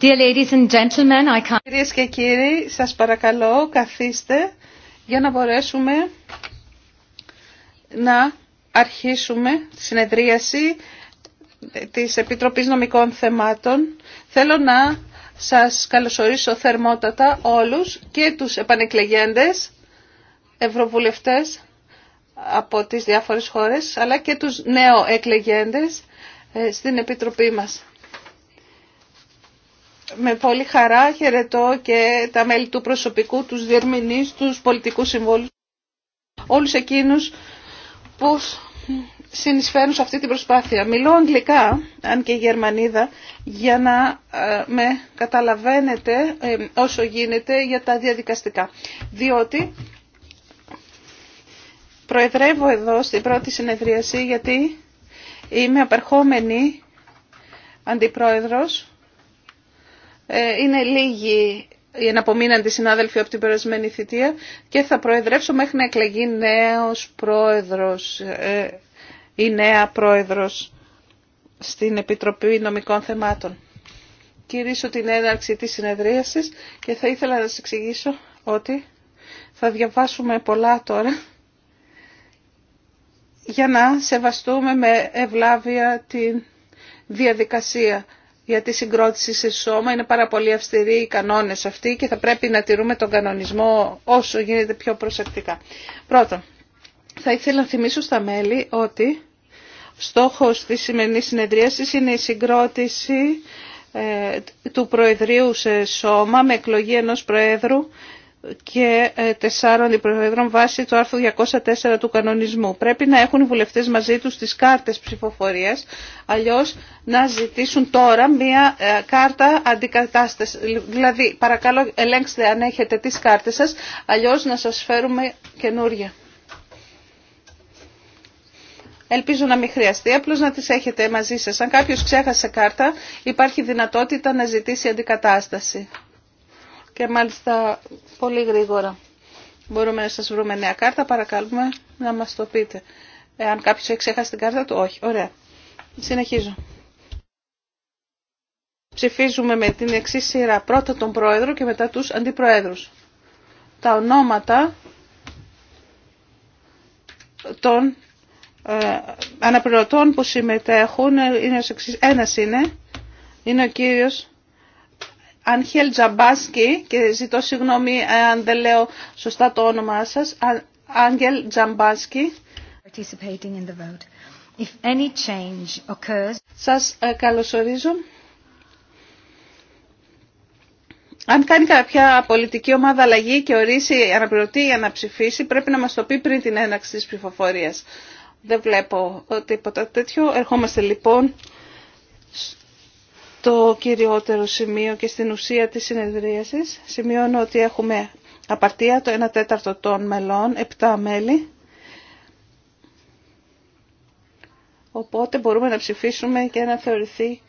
Dear Κυρίες και κύριοι, σας παρακαλώ καθίστε για να μπορέσουμε να αρχίσουμε τη συνεδρίαση της Επιτροπής Νομικών Θεμάτων. Θέλω να σας καλωσορίσω θερμότατα όλους και τους επανεκλεγέντες ευρωβουλευτές από τις διάφορες χώρες, αλλά και τους νέο εκλεγέντες ε, στην Επιτροπή μας με πολύ χαρά χαιρετώ και τα μέλη του προσωπικού, τους διερμηνείς, τους πολιτικούς συμβόλους, όλους εκείνους που συνεισφέρουν σε αυτή την προσπάθεια. Μιλώ αγγλικά, αν και γερμανίδα, για να ε, με καταλαβαίνετε ε, όσο γίνεται για τα διαδικαστικά. Διότι προεδρεύω εδώ στην πρώτη συνεδρίαση γιατί είμαι απερχόμενη αντιπρόεδρος ε, είναι λίγοι οι εναπομείναντοι συνάδελφοι από την περασμένη θητεία και θα προεδρεύσω μέχρι να εκλεγεί νέος πρόεδρος ή ε, νέα πρόεδρος στην Επιτροπή Νομικών Θεμάτων. Κυρίσω την έναρξη της συνεδρίασης και θα ήθελα να σας εξηγήσω ότι θα διαβάσουμε πολλά τώρα για να σεβαστούμε με ευλάβεια την διαδικασία για τη συγκρότηση σε σώμα. Είναι πάρα πολύ αυστηροί οι κανόνες αυτοί και θα πρέπει να τηρούμε τον κανονισμό όσο γίνεται πιο προσεκτικά. Πρώτον, θα ήθελα να θυμίσω στα μέλη ότι στόχος της σημερινής συνεδρίασης είναι η συγκρότηση ε, του Προεδρίου σε σώμα με εκλογή ενός Προέδρου και ε, τεσσάρων αντιπροέδρων βάσει του άρθρου 204 του κανονισμού. Πρέπει να έχουν οι βουλευτές μαζί τους τις κάρτες ψηφοφορίας, αλλιώς να ζητήσουν τώρα μία ε, κάρτα αντικατάσταση. Δηλαδή, παρακαλώ ελέγξτε αν έχετε τις κάρτες σας, αλλιώς να σας φέρουμε καινούρια. Ελπίζω να μην χρειαστεί, απλώ να τις έχετε μαζί σας. Αν κάποιος ξέχασε κάρτα, υπάρχει δυνατότητα να ζητήσει αντικατάσταση και μάλιστα πολύ γρήγορα. Μπορούμε να σας βρούμε νέα κάρτα, παρακαλούμε να μας το πείτε. Εάν κάποιος έχει ξεχάσει την κάρτα του, όχι. Ωραία. Συνεχίζω. Ψηφίζουμε με την εξή σειρά πρώτα τον Πρόεδρο και μετά τους Αντιπροέδρους. Τα ονόματα των ε, αναπληρωτών που συμμετέχουν είναι ως εξής. Ένας είναι, είναι ο κύριος Ανχέλ Τζαμπάσκι και ζητώ συγγνώμη αν δεν λέω σωστά το όνομά σας. Άγγελ Τζαμπάσκι. Occurs... Σας ε, καλωσορίζω. Αν κάνει κάποια πολιτική ομάδα αλλαγή και ορίσει αναπληρωτή για να ψηφίσει, πρέπει να μας το πει πριν την έναξη της ψηφοφορίας. Δεν βλέπω τίποτα τέτοιο. Ερχόμαστε λοιπόν το κυριότερο σημείο και στην ουσία της συνεδρίασης. Σημειώνω ότι έχουμε απαρτία το 1 τέταρτο των μελών, 7 μέλη. Οπότε μπορούμε να ψηφίσουμε και να θεωρηθεί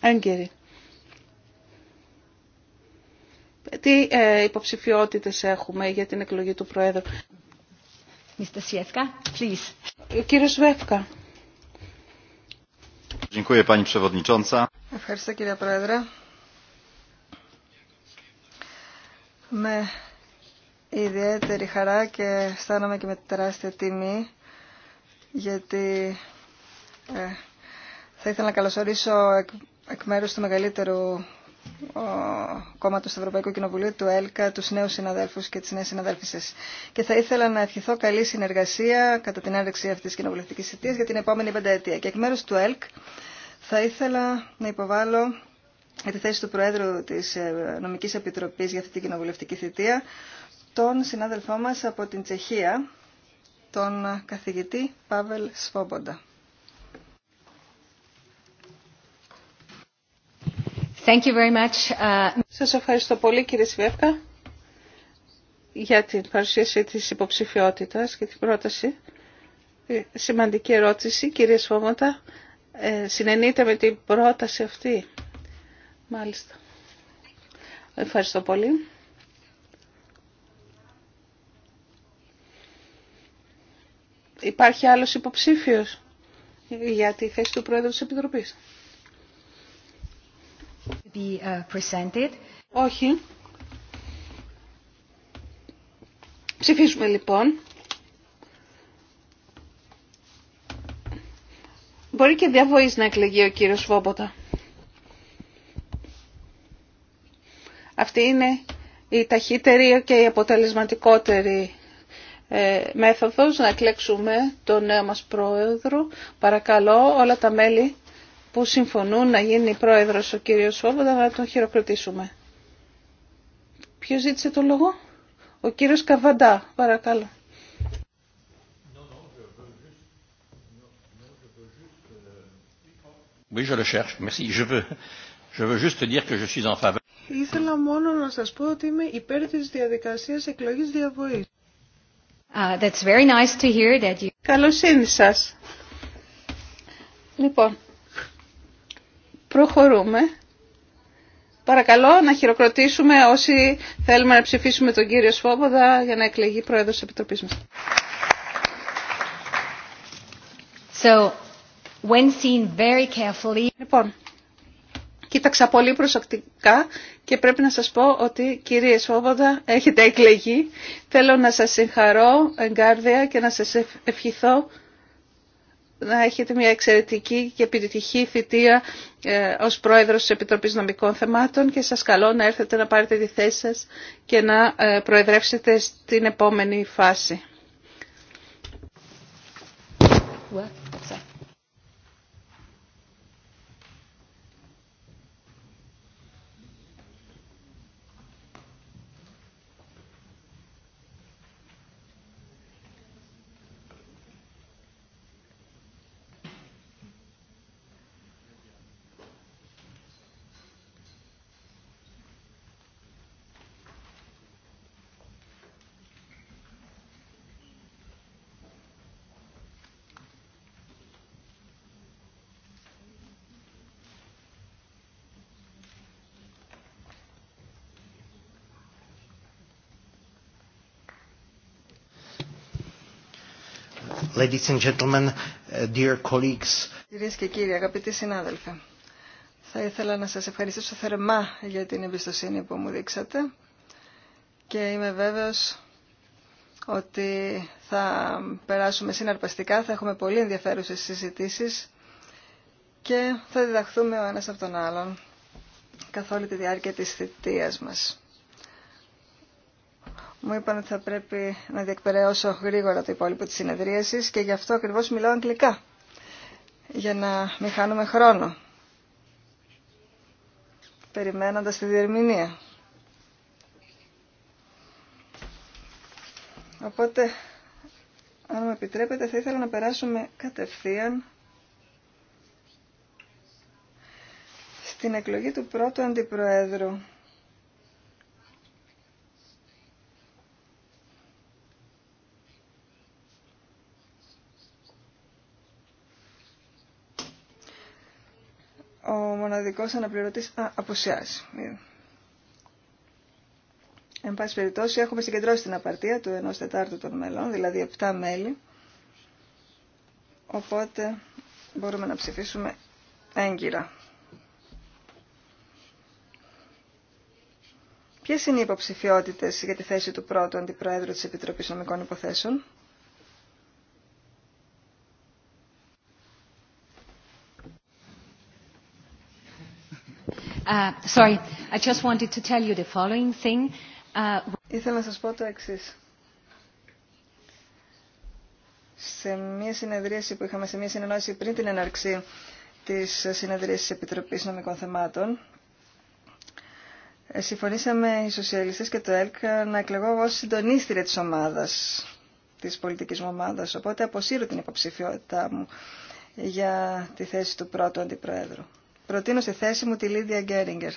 έγκυρη. Τι ε, υποψηφιότητες έχουμε για την εκλογή του Προέδρου. Κύριε Σβέφκα, please. Ευχαριστώ κύριε Πρόεδρε. Με ιδιαίτερη χαρά και αισθάνομαι και με τεράστια τιμή γιατί ε, θα ήθελα να καλωσορίσω εκ, εκ μέρους του μεγαλύτερου κόμματος του Ευρωπαϊκού Κοινοβουλίου, του ΕΛΚΑ, του νέου συναδέλφους και τις νέες συναδέλφισες. Και θα ήθελα να ευχηθώ καλή συνεργασία κατά την άρεξη αυτής της κοινοβουλευτική θητείας για την επόμενη πενταετία. Και εκ μέρους του ΕΛΚ θα ήθελα να υποβάλω για τη θέση του Προέδρου της ε, Νομική Επιτροπής για αυτή την κοινοβουλευτική θητεία τον συνάδελφό μα από την Τσεχία, τον καθηγητή Πάβελ Σφόμποντα. Uh, Σας ευχαριστώ πολύ κύριε Σιβεύκα για την παρουσίαση της υποψηφιότητας και την πρόταση. Ε, σημαντική ερώτηση, κύριε Σφόμωτα. Ε, συνενείτε με την πρόταση αυτή. Μάλιστα. Ευχαριστώ πολύ. Υπάρχει άλλος υποψήφιος για τη θέση του Πρόεδρου της Επιτροπής. Uh, Όχι. Ψηφίσουμε λοιπόν. Μπορεί και διαβοής να εκλεγεί ο κύριος Βόμποτα. Αυτή είναι η ταχύτερη και η αποτελεσματικότερη ε, μέθοδος να εκλέξουμε τον νέο μας πρόεδρο. Παρακαλώ όλα τα μέλη που συμφωνούν να γίνει πρόεδρος ο κύριος Σόβοντα να τον χειροκροτήσουμε. Ποιος ζήτησε το λόγο? Ο κύριος Καβαντά, παρακαλώ. Oui, je le cherche. Ήθελα μόνο να σας πω ότι είμαι υπέρ της διαδικασίας εκλογής διαβοής. Uh, that's very nice to hear that you... Καλώς σας. Λοιπόν, Προχωρούμε. Παρακαλώ να χειροκροτήσουμε όσοι θέλουμε να ψηφίσουμε τον κύριο Σφόβοδα για να εκλεγεί πρόεδρος Επιτροπής μας. So, when seen very carefully... Λοιπόν, κοίταξα πολύ προσεκτικά και πρέπει να σας πω ότι κύριε Σφόβοδα έχετε εκλεγεί. Θέλω να σας συγχαρώ εγκάρδια και να σας ευχηθώ να έχετε μια εξαιρετική και επιτυχή θητεία ε, ως πρόεδρος της Επιτροπής Νομικών Θεμάτων και σας καλώ να έρθετε να πάρετε τη θέση σας και να ε, προεδρεύσετε στην επόμενη φάση. Ladies and gentlemen, uh, dear colleagues. Κυρίες και κύριοι, αγαπητοί συνάδελφοι, θα ήθελα να σας ευχαριστήσω θερμά για την εμπιστοσύνη που μου δείξατε και είμαι βέβαιος ότι θα περάσουμε συναρπαστικά, θα έχουμε πολύ ενδιαφέρουσες συζητήσεις και θα διδαχθούμε ο ένας από τον άλλον καθ' όλη τη διάρκεια της θητείας μας μου είπαν ότι θα πρέπει να διεκπαιρεώσω γρήγορα το υπόλοιπο της συνεδρίασης και γι' αυτό ακριβώς μιλάω αγγλικά, για να μην χάνουμε χρόνο, περιμένοντας τη διερμηνία. Οπότε, αν μου επιτρέπετε, θα ήθελα να περάσουμε κατευθείαν στην εκλογή του πρώτου αντιπροέδρου μοναδικός αναπληρωτής Α, αποσιάζει. Εν πάση περιπτώσει, έχουμε συγκεντρώσει την απαρτία του 1 τετάρτου των μελών, δηλαδή 7 μέλη. Οπότε μπορούμε να ψηφίσουμε έγκυρα. Ποιες είναι οι υποψηφιότητες για τη θέση του πρώτου Αντιπροέδρου της Επιτροπής Νομικών Υποθέσεων. Uh, sorry, I just wanted to tell you the following thing. Uh, Ήθελα να σας πω το εξής. Σε μια συνεδρίαση που είχαμε, σε μια συνεννόηση πριν την έναρξη της συνεδρίασης Επιτροπής Νομικών Θεμάτων, ε, συμφωνήσαμε οι σοσιαλιστές και το ΕΛΚ να εκλεγώ ως συντονίστρια της ομάδας, της πολιτικής ομάδας, οπότε αποσύρω την υποψηφιότητά μου για τη θέση του πρώτου αντιπρόεδρου προτείνω στη θέση μου τη Λίδια Γκέριγκερ.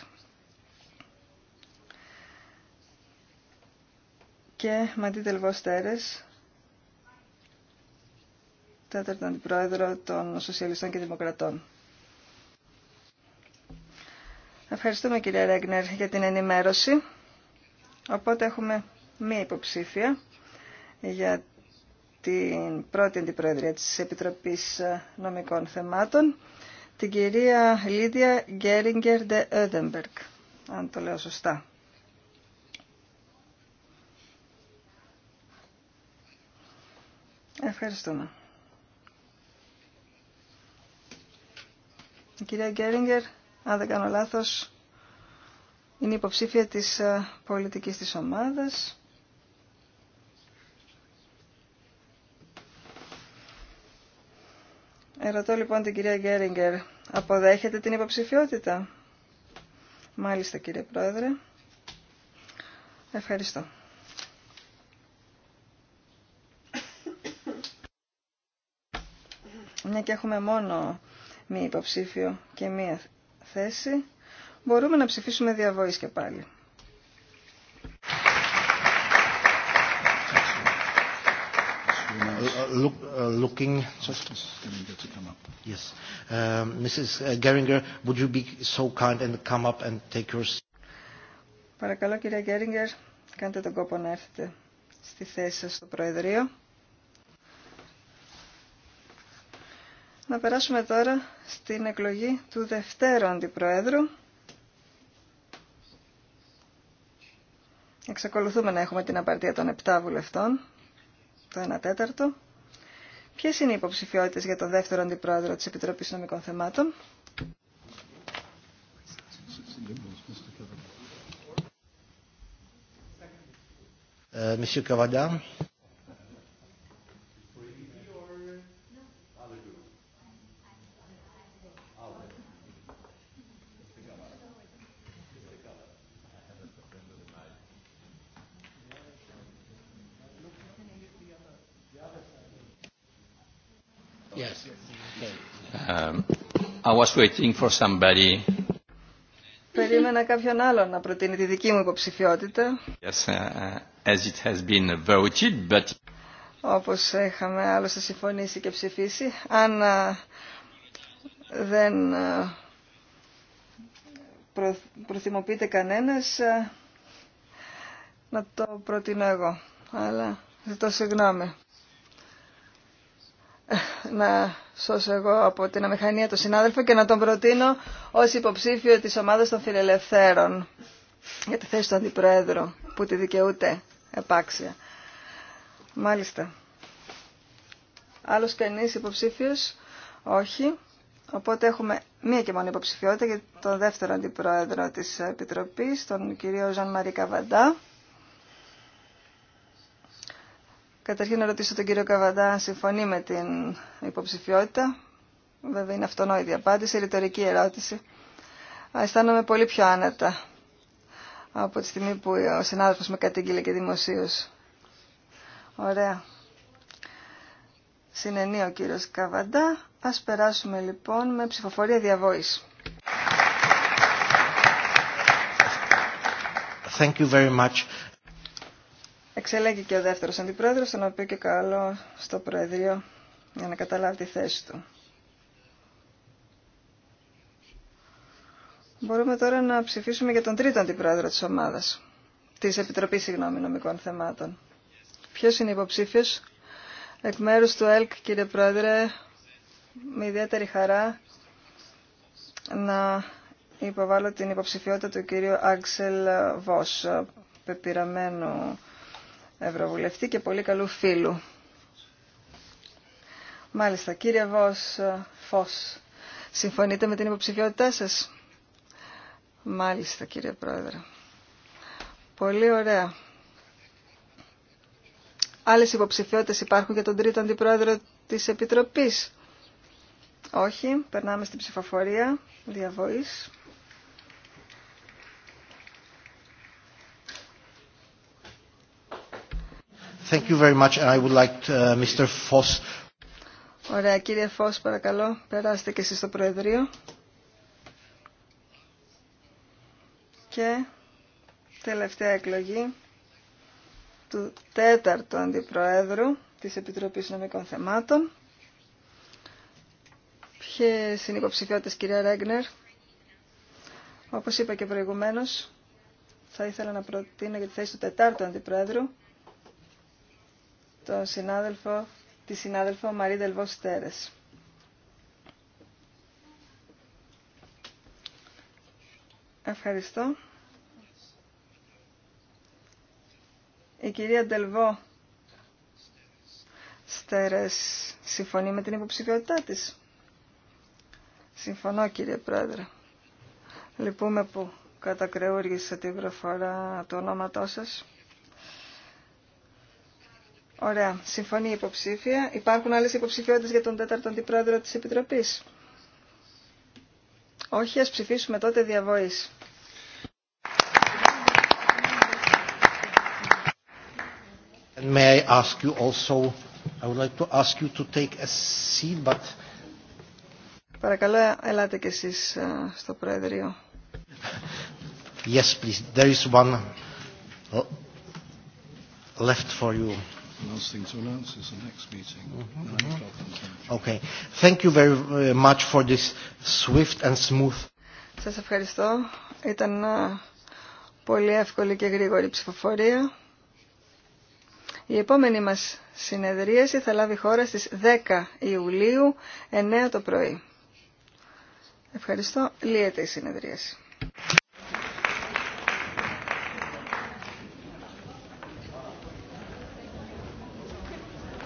Και Μαντίτελ Βοστέρες, τέταρτον αντιπρόεδρο των Σοσιαλιστών και Δημοκρατών. Ευχαριστούμε κυρία Ρέγνερ για την ενημέρωση. Οπότε έχουμε μία υποψήφια για την πρώτη αντιπροεδρία της Επιτροπής Νομικών Θεμάτων την κυρία Λίδια Γκέριγκερ Ντε Ödenberg, αν το λέω σωστά. Ευχαριστούμε. Η κυρία Γκέριγκερ, αν δεν κάνω λάθος, είναι υποψήφια της ε, πολιτικής της ομάδας. Ερωτώ λοιπόν την κυρία Γκέριγκερ, αποδέχεται την υποψηφιότητα. Μάλιστα κύριε Πρόεδρε. Ευχαριστώ. Μια και έχουμε μόνο μία υποψήφιο και μία θέση, μπορούμε να ψηφίσουμε διαβοής και πάλι. looking. to up. Yes. Uh, Mrs. Uh, Geringer, would you be so kind and come up and take your seat? Παρακαλώ κυρία Γκέριγκερ, κάντε τον κόπο να έρθετε στη θέση σας στο Προεδρείο. Να περάσουμε τώρα στην εκλογή του δευτέρου αντιπροέδρου. Εξακολουθούμε να έχουμε την απαρτία των 7 βουλευτών, το 1 τέταρτο. Ποιες είναι οι υποψηφιότητες για τον δεύτερο αντιπρόεδρο της Επιτροπής Νομικών Θεμάτων. Cavada, ε, Um, Περίμενα κάποιον άλλον να προτείνει τη δική μου υποψηφιότητα. Yes, uh, uh, Όπως είχαμε άλλωστε συμφωνήσει και ψηφίσει, αν uh, δεν προθυμοποιείται κανένας, να το προτείνω εγώ. Αλλά ζητώ συγγνώμη να σώσω εγώ από την αμηχανία του συνάδελφου και να τον προτείνω ως υποψήφιο της ομάδας των φιλελευθέρων για τη θέση του Αντιπροέδρου που τη δικαιούται επάξια. Μάλιστα. Άλλος κανείς υποψήφιος? Όχι. Οπότε έχουμε μία και μόνο υποψηφιότητα για τον δεύτερο Αντιπρόεδρο της Επιτροπής, τον κύριο Ζαν Μαρί Καβαντά. Καταρχήν να ρωτήσω τον κύριο Καβαντά αν συμφωνεί με την υποψηφιότητα. Βέβαια είναι αυτονόητη απάντηση, ρητορική ερώτηση. Αισθάνομαι πολύ πιο άνετα από τη στιγμή που ο συνάδελφος με κατήγγειλε και δημοσίως. Ωραία. Συνενεί ο κύριος Καβαντά. Ας περάσουμε λοιπόν με ψηφοφορία διαβόηση. Thank you very much. Εξελέγει και ο δεύτερος αντιπρόεδρος, τον οποίο και καλό στο Προεδρείο για να καταλάβει τη θέση του. Μπορούμε τώρα να ψηφίσουμε για τον τρίτο αντιπρόεδρο της ομάδας, της Επιτροπής Συγγνώμη Νομικών Θεμάτων. Ποιος είναι υποψήφιος? Εκ μέρους του ΕΛΚ, κύριε Πρόεδρε, με ιδιαίτερη χαρά να υποβάλω την υποψηφιότητα του κυρίου Άξελ Βος, πεπειραμένου Ευρωβουλευτή και πολύ καλού φίλου. Μάλιστα, κύριε Βος, Φως, συμφωνείτε με την υποψηφιότητά σας. Μάλιστα, κύριε Πρόεδρε. Πολύ ωραία. Άλλες υποψηφιότητες υπάρχουν για τον τρίτο αντιπρόεδρο της Επιτροπής. Όχι, περνάμε στην ψηφοφορία διαβοής. Thank you very much and I would like uh, Mr. Foss. Ωραία, κύριε Φως, παρακαλώ, περάστε και εσείς στο Προεδρείο. Και τελευταία εκλογή του τέταρτου Αντιπροέδρου της Επιτροπής Νομικών Θεμάτων. Ποιες είναι οι υποψηφιότητες, κυρία Ρέγνερ. Όπως είπα και προηγουμένως, θα ήθελα να προτείνω για τη θέση του τετάρτου Αντιπροέδρου τον συνάδελφο, τη συνάδελφο Μαρή Δελβό Στέρες. Ευχαριστώ. Η κυρία Ντελβό Στέρες συμφωνεί με την υποψηφιότητά της. Συμφωνώ κύριε Πρόεδρε. Λυπούμε που κατακρεούργησα την προφορά του ονόματός σας. Ωραία. Συμφωνεί η υποψήφια. Υπάρχουν άλλες υποψηφιότητες για τον τέταρτο αντιπρόεδρο της Επιτροπής. Όχι, ας ψηφίσουμε τότε διαβοής. may I ask you also, I would like to ask you to take a seat, but... Παρακαλώ, ελάτε κι εσείς ε, στο Προεδρείο. Yes, please. There is one uh, left for you. Last to announce the next meeting. Mm-hmm, mm-hmm. Okay. Thank you very uh, much for this swift and smooth. Σας ευχαριστώ. Ήταν ε, πολύ εύκολη και γρήγορη ψηφοφορία. Η επόμενη μας συνεδρίαση θα λάβει χώρα στις 10 Ιουλίου, 9 το πρωί. Ευχαριστώ. Λύεται η συνεδρίαση.